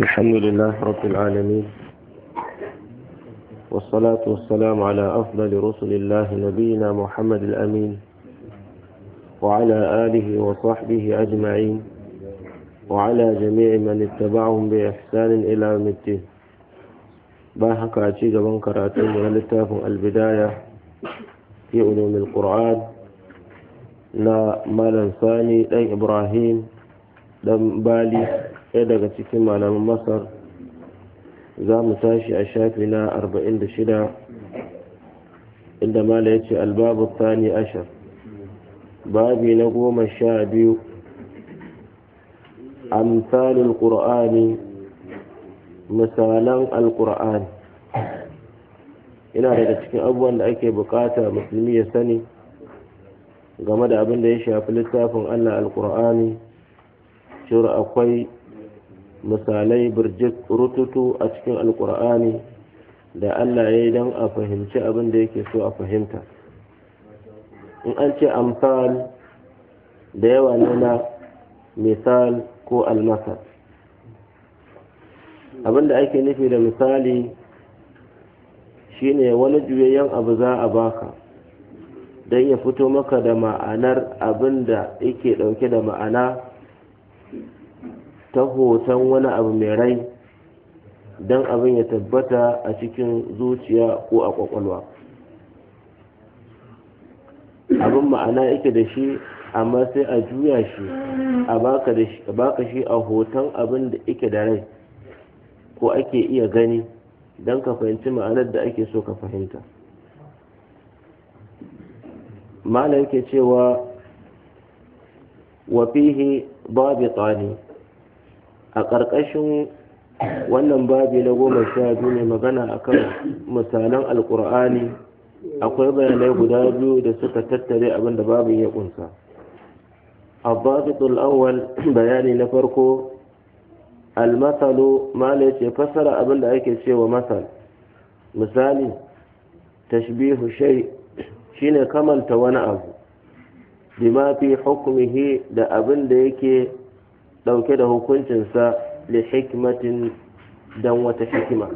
الحمد لله رب العالمين والصلاة والسلام على أفضل رسل الله نبينا محمد الأمين وعلى آله وصحبه أجمعين وعلى جميع من اتبعهم بإحسان إلى يوم الدين باحك أشيك من كراتين ولتاف البداية في علوم القرآن نا مالا ثاني أي إبراهيم دم بالي ɗaya daga cikin malaman masar za mu tashi a shafi na arba'in da shida inda mala ya ce albabu tani ashar babi na goma sha biyu amsalin ƙur'ani misalan alƙur'ani ina daga cikin abubuwan da ake bukata musulmi ya sani game da abin da ya shafi littafin allah alƙur'ani cewar akwai misalai birjik rututu a cikin alkur'ani da allah ya yi don a fahimci abin da yake so a fahimta in an ce amfal da yawa na misal ko almasal abin da ake nufi da misali shine wani juyayyen abu za a baka don ya fito maka da ma'anar abin da yake dauke da ma'ana ta hoton wani abu mai rai don abin ya tabbata a cikin zuciya ko a kwakwalwa abin ma'ana yake da shi amma sai a juya shi a baka shi a hoton abin da yake da rai ko ake iya gani don ka fahimci ma'anar da ake so ka fahimta ma'ana yake cewa wafihi babu tsani a ƙarƙashin wannan babi na goma sha biyu ne magana akan misalan alkur'ani akwai bayanai guda biyu da suka tattare abin da babin ya ƙunsa abbasitul awwal bayani na farko almasalu mala ce fassara abin da ake cewa masal misali tashbihu shi shine kamanta wani abu bima fi hukumihi da abin da yake ɗauke da hukuncinsa li hikmatin don wata hikima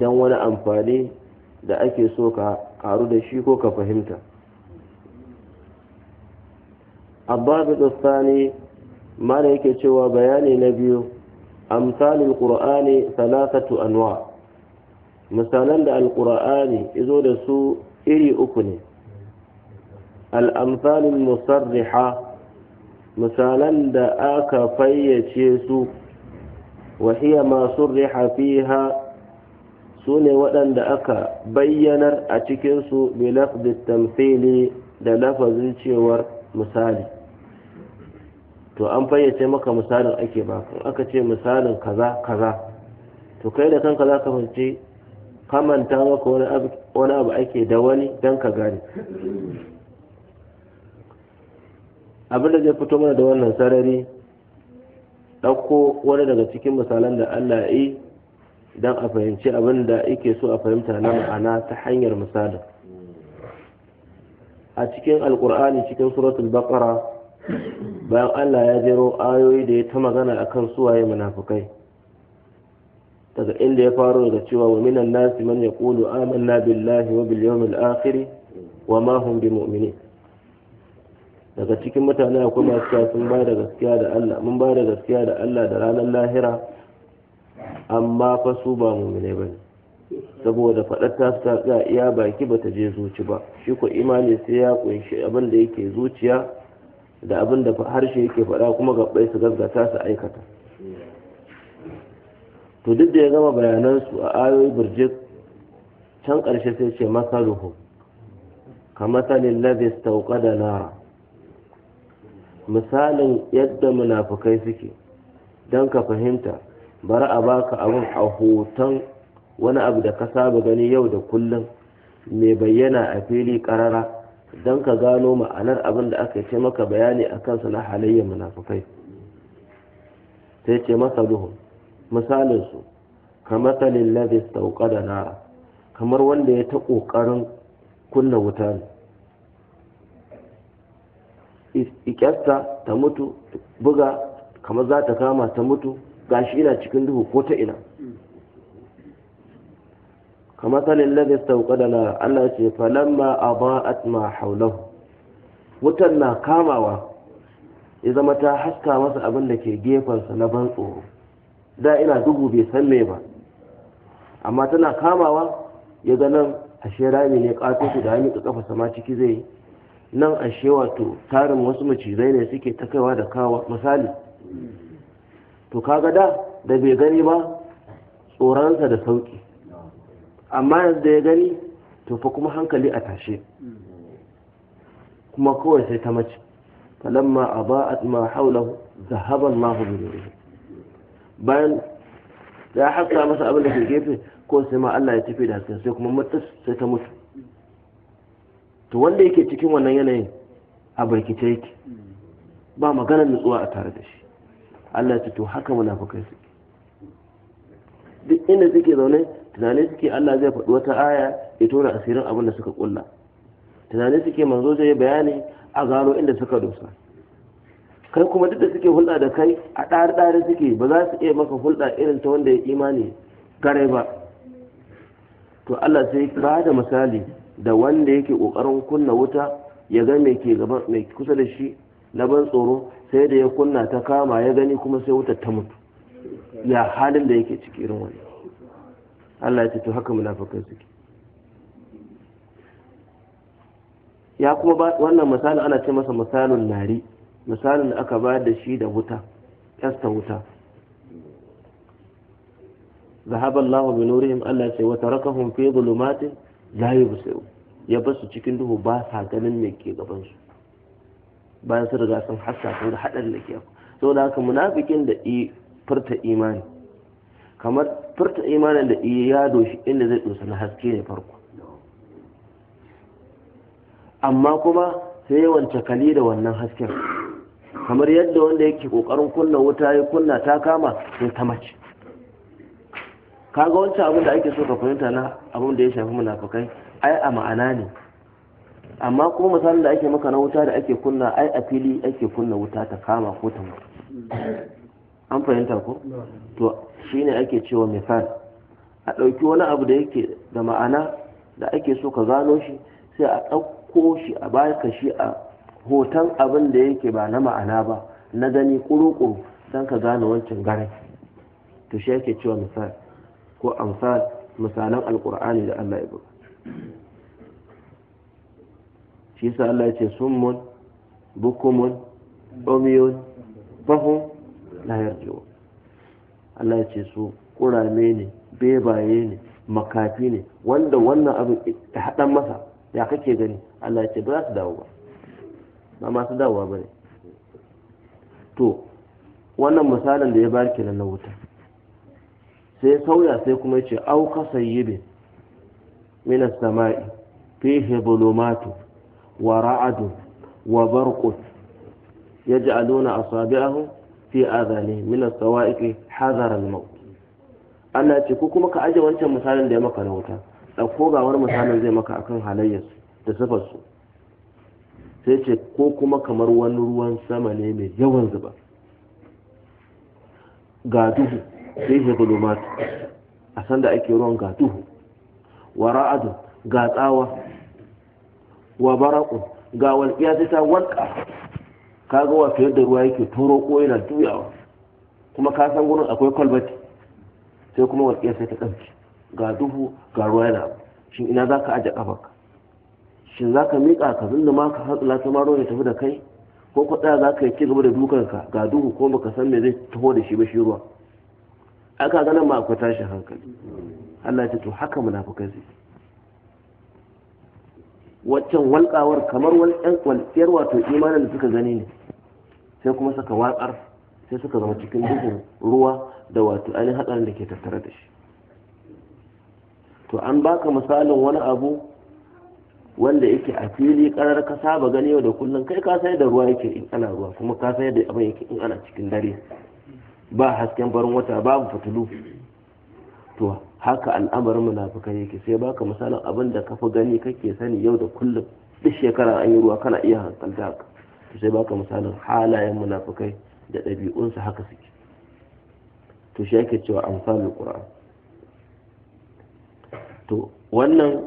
don wani amfani da ake so ka karu da shi ko ka fahimta abbasu tsani mana yake cewa bayani na biyu amsalin ƙura'ani salasatu anwa misalan da alƙura'ani izo da su iri uku ne al'amsalin musarriha misalan da aka fayyace su wahiya masu riha fiha su ne waɗanda aka bayyanar a cikinsu bilafdit tamfili da lafazin cewar misali to an fayyace maka misalin ake baka aka ce misalin kaza kaza to kai da kanka za ka fahimci kamanta maka wani abu ake da wani dan ka gane abin da zai fito mana da wannan sarari ɗauko wani daga cikin misalan da Allah ya yi don a fahimci abin da yake so a fahimta na ma'ana ta hanyar misalin a cikin alkur'ani cikin suratul baqara bayan Allah ya jero ayoyi da ya ta magana a kan suwaye munafukai daga inda ya faro daga cewa wa minan nasi man kulu amanna billahi wa bil yawmil wa ma hum daga cikin mutane akwai masu cewa sun ba da gaskiya da Allah mun bada da gaskiya da Allah da ranar lahira amma fa su ba ne ba saboda faɗar ta su ga iya baki ba ta je zuci ba shi ko imani sai ya kunshi abin da yake zuciya da abin da harshe yake faɗa kuma gabbai su gaggata su aikata to duk da ya gama bayanan su a ayoyi birjik can karshe sai ce masaluhu kamar sanin labis tauka da nara misalin yadda munafukai suke don ka fahimta bari a baka abin a hoton wani abu da ka saba gani yau da kullum mai bayyana a fili karara don ka gano ma'anar abin da aka ce maka bayani a kansa na halayyar munafukai sai ce masa duhu misalinsu kamar talin lafis da nara kamar wanda ya ta ƙoƙarin kunna wuta ne ikyasta ta mutu buga kamar za ta kama ta mutu gashi ina cikin duhu ko ta ina kamar salin lagos ta da na allah ce falamma a a ma haulahu wutan na kamawa ya zama ta haska masa abin da ke gefensa na ban tsoro da ina duhu bai san me ba amma tana kamawa ya ga nan ashe rami ne ƙato su da hannu ka kafa sama ciki zai yi nan ashe wato tarin wasu macizai ne suke ta kaiwa da kawa misali to kaga da da bai gani ba tsoronsa da sauki amma yanzu da ya gani to fa kuma hankali a tashe kuma kawai sai ta mace falamma a ma haula zahaban ma bayan ya haska masa abin da ke gefe ko sai ma Allah ya tafi da hasken sai kuma mutus sai ta mutu to wanda yake cikin wannan yanayin a barkita yake ba maganar nutsuwa a tare da shi Allah ya to haka munafukai suke duk inda suke zaune tunanin suke Allah zai faɗi wata aya ya tona asirin abin da suka kulla tunanin suke manzo zai bayani a gano inda suka dosa kai kuma duk da suke hulɗa da kai a ɗari-ɗari suke ba za su iya maka hulɗa irin ta wanda ya imani gare ba to Allah sai ba da misali da wanda yake kokarin kunna wuta ya ga me ke gaban kusa da shi na ban tsoro sai da ya kunna ta kama ya gani kuma sai wutar ta mutu ya halin da yake ciki irin wani Allah ya ce haka munafikan suke ya kuma ba wannan misalin ana ce masa misalin nari misalin da aka ba da shi da wuta kasta wuta zahaballahu bi nurihim Allah ya ce wa tarakahum fi yayi yubsiru ya basu cikin duhu ba sa ganin me ke gaban su bayan sun riga sun hassa sun da hadarin da ke da haka munafikin da i furta imani kamar furta imanin da i ya doshi inda zai dosa na haske ne farko amma kuma sai yawan cakali da wannan hasken kamar yadda wanda yake kokarin kunna wuta ya kunna ta kama sai ta mace kaga wancan abin da ake so ka fahimta na abin da ya shafi munafukai ai a ma'ana ne amma kuma misalin da ake maka na wuta da ake kunna ai a fili ake kunna wuta ta kama ko ta mutu an fahimta ko to shine ake cewa misal a ɗauki wani abu da yake da ma'ana da ake so ka gano shi sai a ɗauko shi a baka shi a hoton abin da yake ba na ma'ana ba na gani kuru-kuru don ka gano wancan garai to shi ake cewa misali ko amsal misalan alqur'ani da Allah ya buga shi sa Allah ya ce summun bukumun umyun fahum la yarji'un Allah ya ce su kurame ne bebaye ne makafi ne wanda wannan abin haɗan masa ya kake gani Allah ya ce ba za su dawo ba ba masu dawowa ba ne to wannan misalin da ya bari kenan na wuta sai sauya sai kuma yace au kasayyibin min as-sama'i fihi dhulumatu wa ra'adu wa barqun yaj'aluna asabi'ahum fi adhanihim min as-sawa'iqi hadhar al-maut ana ce ko kuma ka aje wancan misalin da ya maka na wuta ɗauko ga wani misalin zai maka akan halayyar da su sai ce ko kuma kamar wani ruwan sama ne mai yawan zuba ga duhu fihi hulumat a sanda ake ruwan ga duhu wa ra'adu ga tsawa wa baraku ga walƙiya ta walƙa kaga wa fiye da ruwa yake turo ko yana juyawa kuma ka san gurin akwai kwalbati sai kuma walƙiya sai ta ɗauki ga duhu ga ruwa yana shin ina za ka aje ƙafarka shin za ka miƙa ka zunduma ka hatsula ta maro ya tafi da kai ko kwaɗa za ka yi ci gaba da dukanka ga duhu ko baka san me zai taho da shi ba shi ruwa aka ganin ma akwai tashin hankali Allah ya ce to haka munafikai su waccan walƙawar kamar walƙiyar wato imanin da suka gani ne sai kuma suka watsar sai suka zama cikin duhun ruwa da wato ainihin hatsarin da ke tattare da shi to an baka misalin wani abu wanda yake a fili karar ka saba gani yau da kullum kai ka sai da ruwa yake in ana ruwa kuma ka sai da abin yake in ana cikin dare ba hasken farin wata babu fitilu to haka al'amarin munafukai yake sai baka misalin abin da kafa gani kake sani yau da kullum duk shekara an yi ruwa kana iya hankalta haka to sai baka misalin halayen munafikai da ɗabi'unsu haka suke to shi ake cewa amsalul qur'an to wannan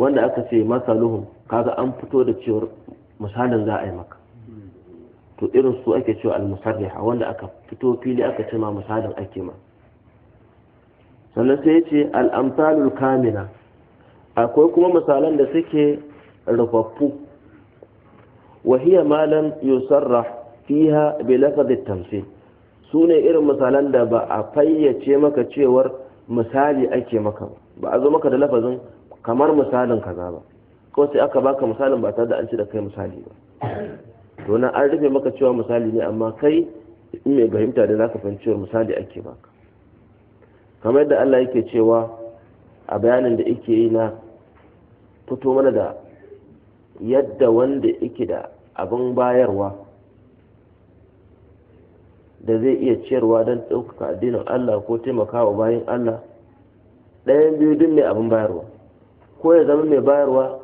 wanda aka ce masaluhum kaga an fito da cewar misalin za a yi maka to irin su ake cewa al-musarriha wanda aka fito fili aka ce ma misalin ake ma sannan sai ya ce al-amsalul kamila akwai kuma misalan da suke rufaffu wa hiya ma lam yusarrah fiha bi lafzi at-tamthil sune irin misalan da ba a fayyace maka cewar misali ake maka ba a zo maka da lafazin kamar misalin kaza ba ko sai aka baka misalin ba tare da an ci da kai misali ba to na an rufe maka cewa misali ne amma kai in mai fahimta da zaka fahimci cewa misali ake baka kamar yadda Allah yake cewa a bayanin da yake yi na fito mana da yadda wanda yake da abin bayarwa da zai iya ciyarwa don ɗaukaka addinin Allah ko taimakawa bayan Allah ɗayan biyu duk mai abin bayarwa ko ya zama mai bayarwa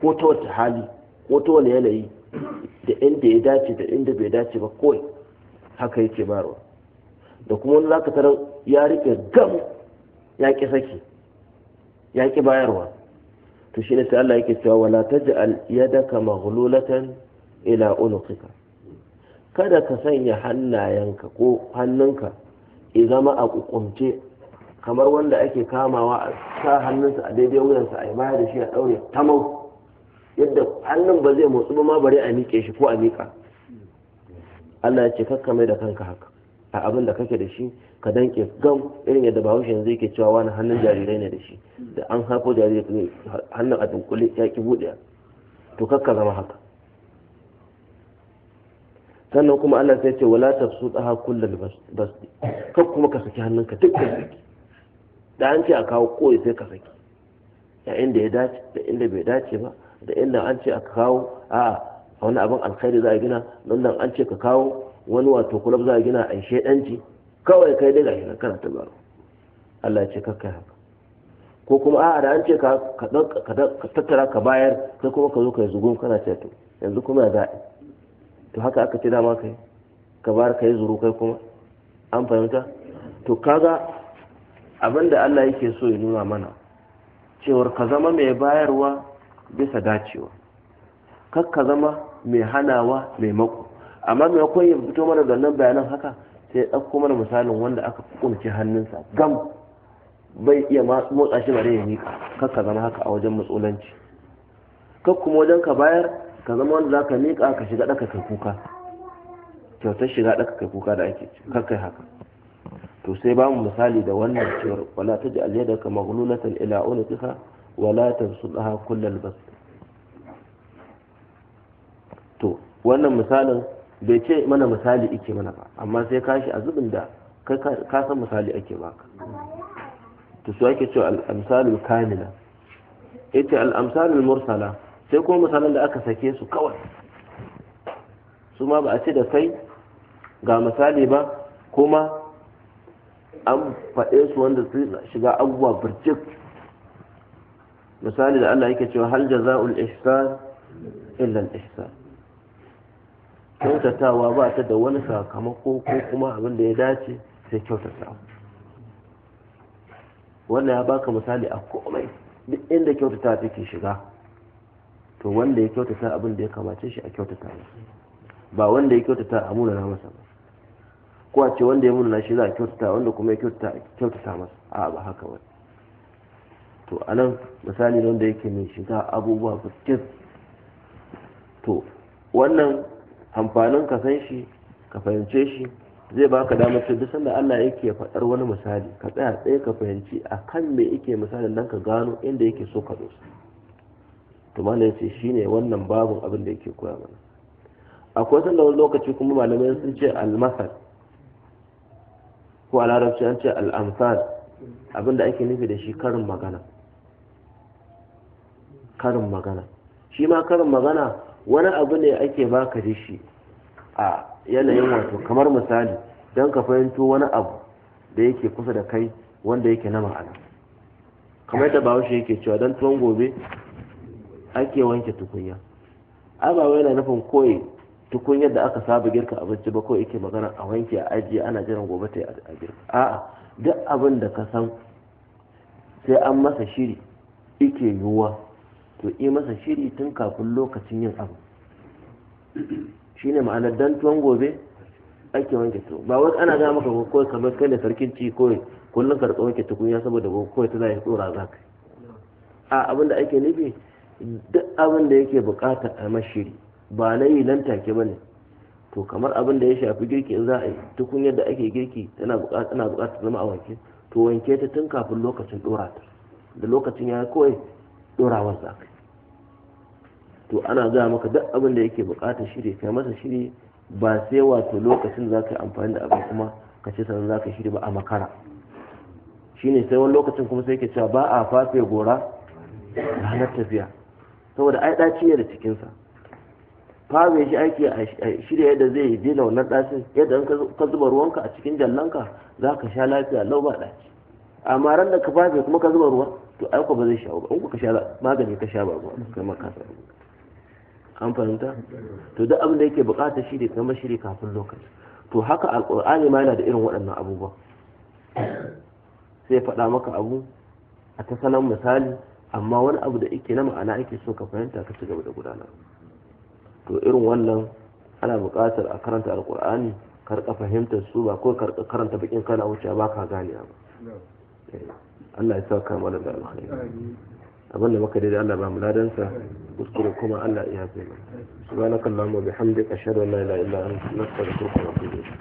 ko ta wata hali ko ta wani yanayi da inda ya dace da inda bai dace ba kawai haka yake barwa da kuma wani zaka tarar ya rike gam ya ki saki ya ki bayarwa to shine sai Allah yake cewa wala taj'al yadaka maghlulatan ila unqika kada ka sanya hannayenka ko hannunka ya zama a kukumce kamar wanda ake kamawa a sa hannunsa a daidai wuyansa a yi baya da shi a daure tamau yadda hannun ba zai motsu ma bari a miƙe shi ko a miƙa Allah ya ce kakka mai da kanka haka a abin da kake da shi ka danke gam irin yadda bahaushe yanzu yake cewa wani hannun jarirai ne da shi da an haifo jarirai ne hannun a dunkule ya ki buɗe to kakka zama haka sannan kuma Allah sai ce wala tafsu daha kullal basdi kak kuma ka saki hannunka dukkan saki da an ce a kawo koyi sai ka saki ya inda ya dace da inda bai dace ba da inda an ce aka kawo a wani abin alkhairi za a gina nan an ce ka kawo wani wato kulab za a gina a shaidanci kawai kai dai gashi kana ta baro Allah ya ce kakkai haka ko kuma a da an ce ka tattara ka bayar sai kuma ka zo ka yi zugun kana ce to yanzu kuma ya a to haka aka ce dama kai ka bar ka yi zuru kai kuma an fahimta to kaga abinda Allah yake so ya nuna mana cewar ka zama mai bayarwa bisa dacewa kakka zama mai hanawa mai mako amma mai maimakon ya fito mana da wannan bayanan haka sai ya ɗauko mana misalin wanda aka kunce hannunsa gam bai iya motsa shi bare ya miƙa kakka zama haka a wajen matsolanci kak kuma wajen ka bayar ka zama wanda za ka miƙa ka shiga ɗaka kai kuka kyautar shiga ɗaka kai kuka da ake kai haka to sai ba mu misali da wannan cewar wala ta ji aliyar da ka maghlulatan ila unutika wala tansudaha kullal bas to wannan misalin bai ce mana misali ike mana ba amma sai kashi a zubin da ka san misali ake baka to su ake cewa al-amsalul kamila ita al mursala sai kuma misalan da aka sake su kawai su ma ba a ce da kai ga misali ba kuma an faɗe su wanda su shiga abubuwa birjik misali da Allah yake cewa hal jaza'ul ihsan illa al ihsan kyautatawa ba ta da wani sakamako ko kuma abin da ya dace sai kyautatawa wannan ya baka misali a komai duk inda kyautata take shiga to wanda ya kyautata abin da ya kamace shi a kyautata ba wanda ya kyautata a munana masa ba ko a ce wanda ya munana shi za a kyautata wanda kuma ya kyautata masa a ba haka wani to a nan misali ne wanda yake mai shiga abubuwa fuskis to wannan amfanin ka san shi ka fahimce shi zai baka damar cewa duk sanda Allah yake faɗar wani misali ka tsaya tsaye ka fahimci a kan me yake misalin nan ka gano inda yake so ka dosa to ce yace shine wannan babun abin da yake koya mana akwai sanda wani lokaci kuma malamai sun ce al-masal ko a larabci an ce al-amsal abin da ake nufi da shi karin magana karin magana shi ma karin magana wani abu ne ake baka da shi a yanayin wato kamar misali don ka fahimto wani abu da yake kusa da kai wanda yake na ma'ana kamar da bahaushe yake cewa don tuwon gobe ake wanke tukunya ai yana nufin koyi tukunyar da aka saba girka abinci ba ko yake magana a wanke a ajiye ana jiran gobe ta yi a girka a'a duk abin da ka san sai an masa shiri ike yiwuwa to yi masa shiri tun kafin lokacin yin abu shi ne ma'anar dan tuwon gobe ake wanke tuwo ba wani ana gama maka ko kamar kai da sarkin ci ko kullum ka wanke tukunya saboda ko kawai ta zai tsora za ka a abin da ake nufi duk abin da yake bukatar a mashiri ba na yi nan take ba ne to kamar abin da ya shafi girki in za a yi tukunyar da ake girki tana buƙatar zama a wanke to wanke ta tun kafin lokacin dora ta da lokacin ya kawai ɗorawar za ka to ana gaya maka duk abin da yake bukata shiri kai masa shiri ba sai wato lokacin za ka yi amfani da abin kuma ka ce sanar za ka shiri ba a makara shine sai wani lokacin kuma sai ke cewa ba a fafe gora ranar tafiya saboda ai ɗaci ne da cikinsa fafe shi aiki a shirya yadda zai yi da wannan ɗacin yadda ka zuba ruwanka a cikin jallanka za ka sha lafiya lau ba ɗaci amma ran da ka fafe kuma ka zuba ruwan to ai ko ba zai shawo ba in ka sha magani ka sha ba ba kai ma ka samu an fahimta to duk abin da yake bukata shi ne kamar shiri kafin lokaci to haka alqur'ani ma yana da irin waɗannan abubuwa sai faɗa maka abu a ta sanan misali amma wani abu da yake na ma'ana ake so ka fahimta ka ci gaba da gudanar to irin wannan ana buƙatar a karanta alkur'ani karka fahimtar su ba ko karka karanta bakin kana wuce ba ka gane ba Allah ya saka mana da alkhairi abin da muka daidai Allah ba mu ladansa kuskure kuma Allah ya yafe mana subhanakallahumma bihamdika ashhadu an la ilaha illa anta astaghfiruka wa atubu ilayk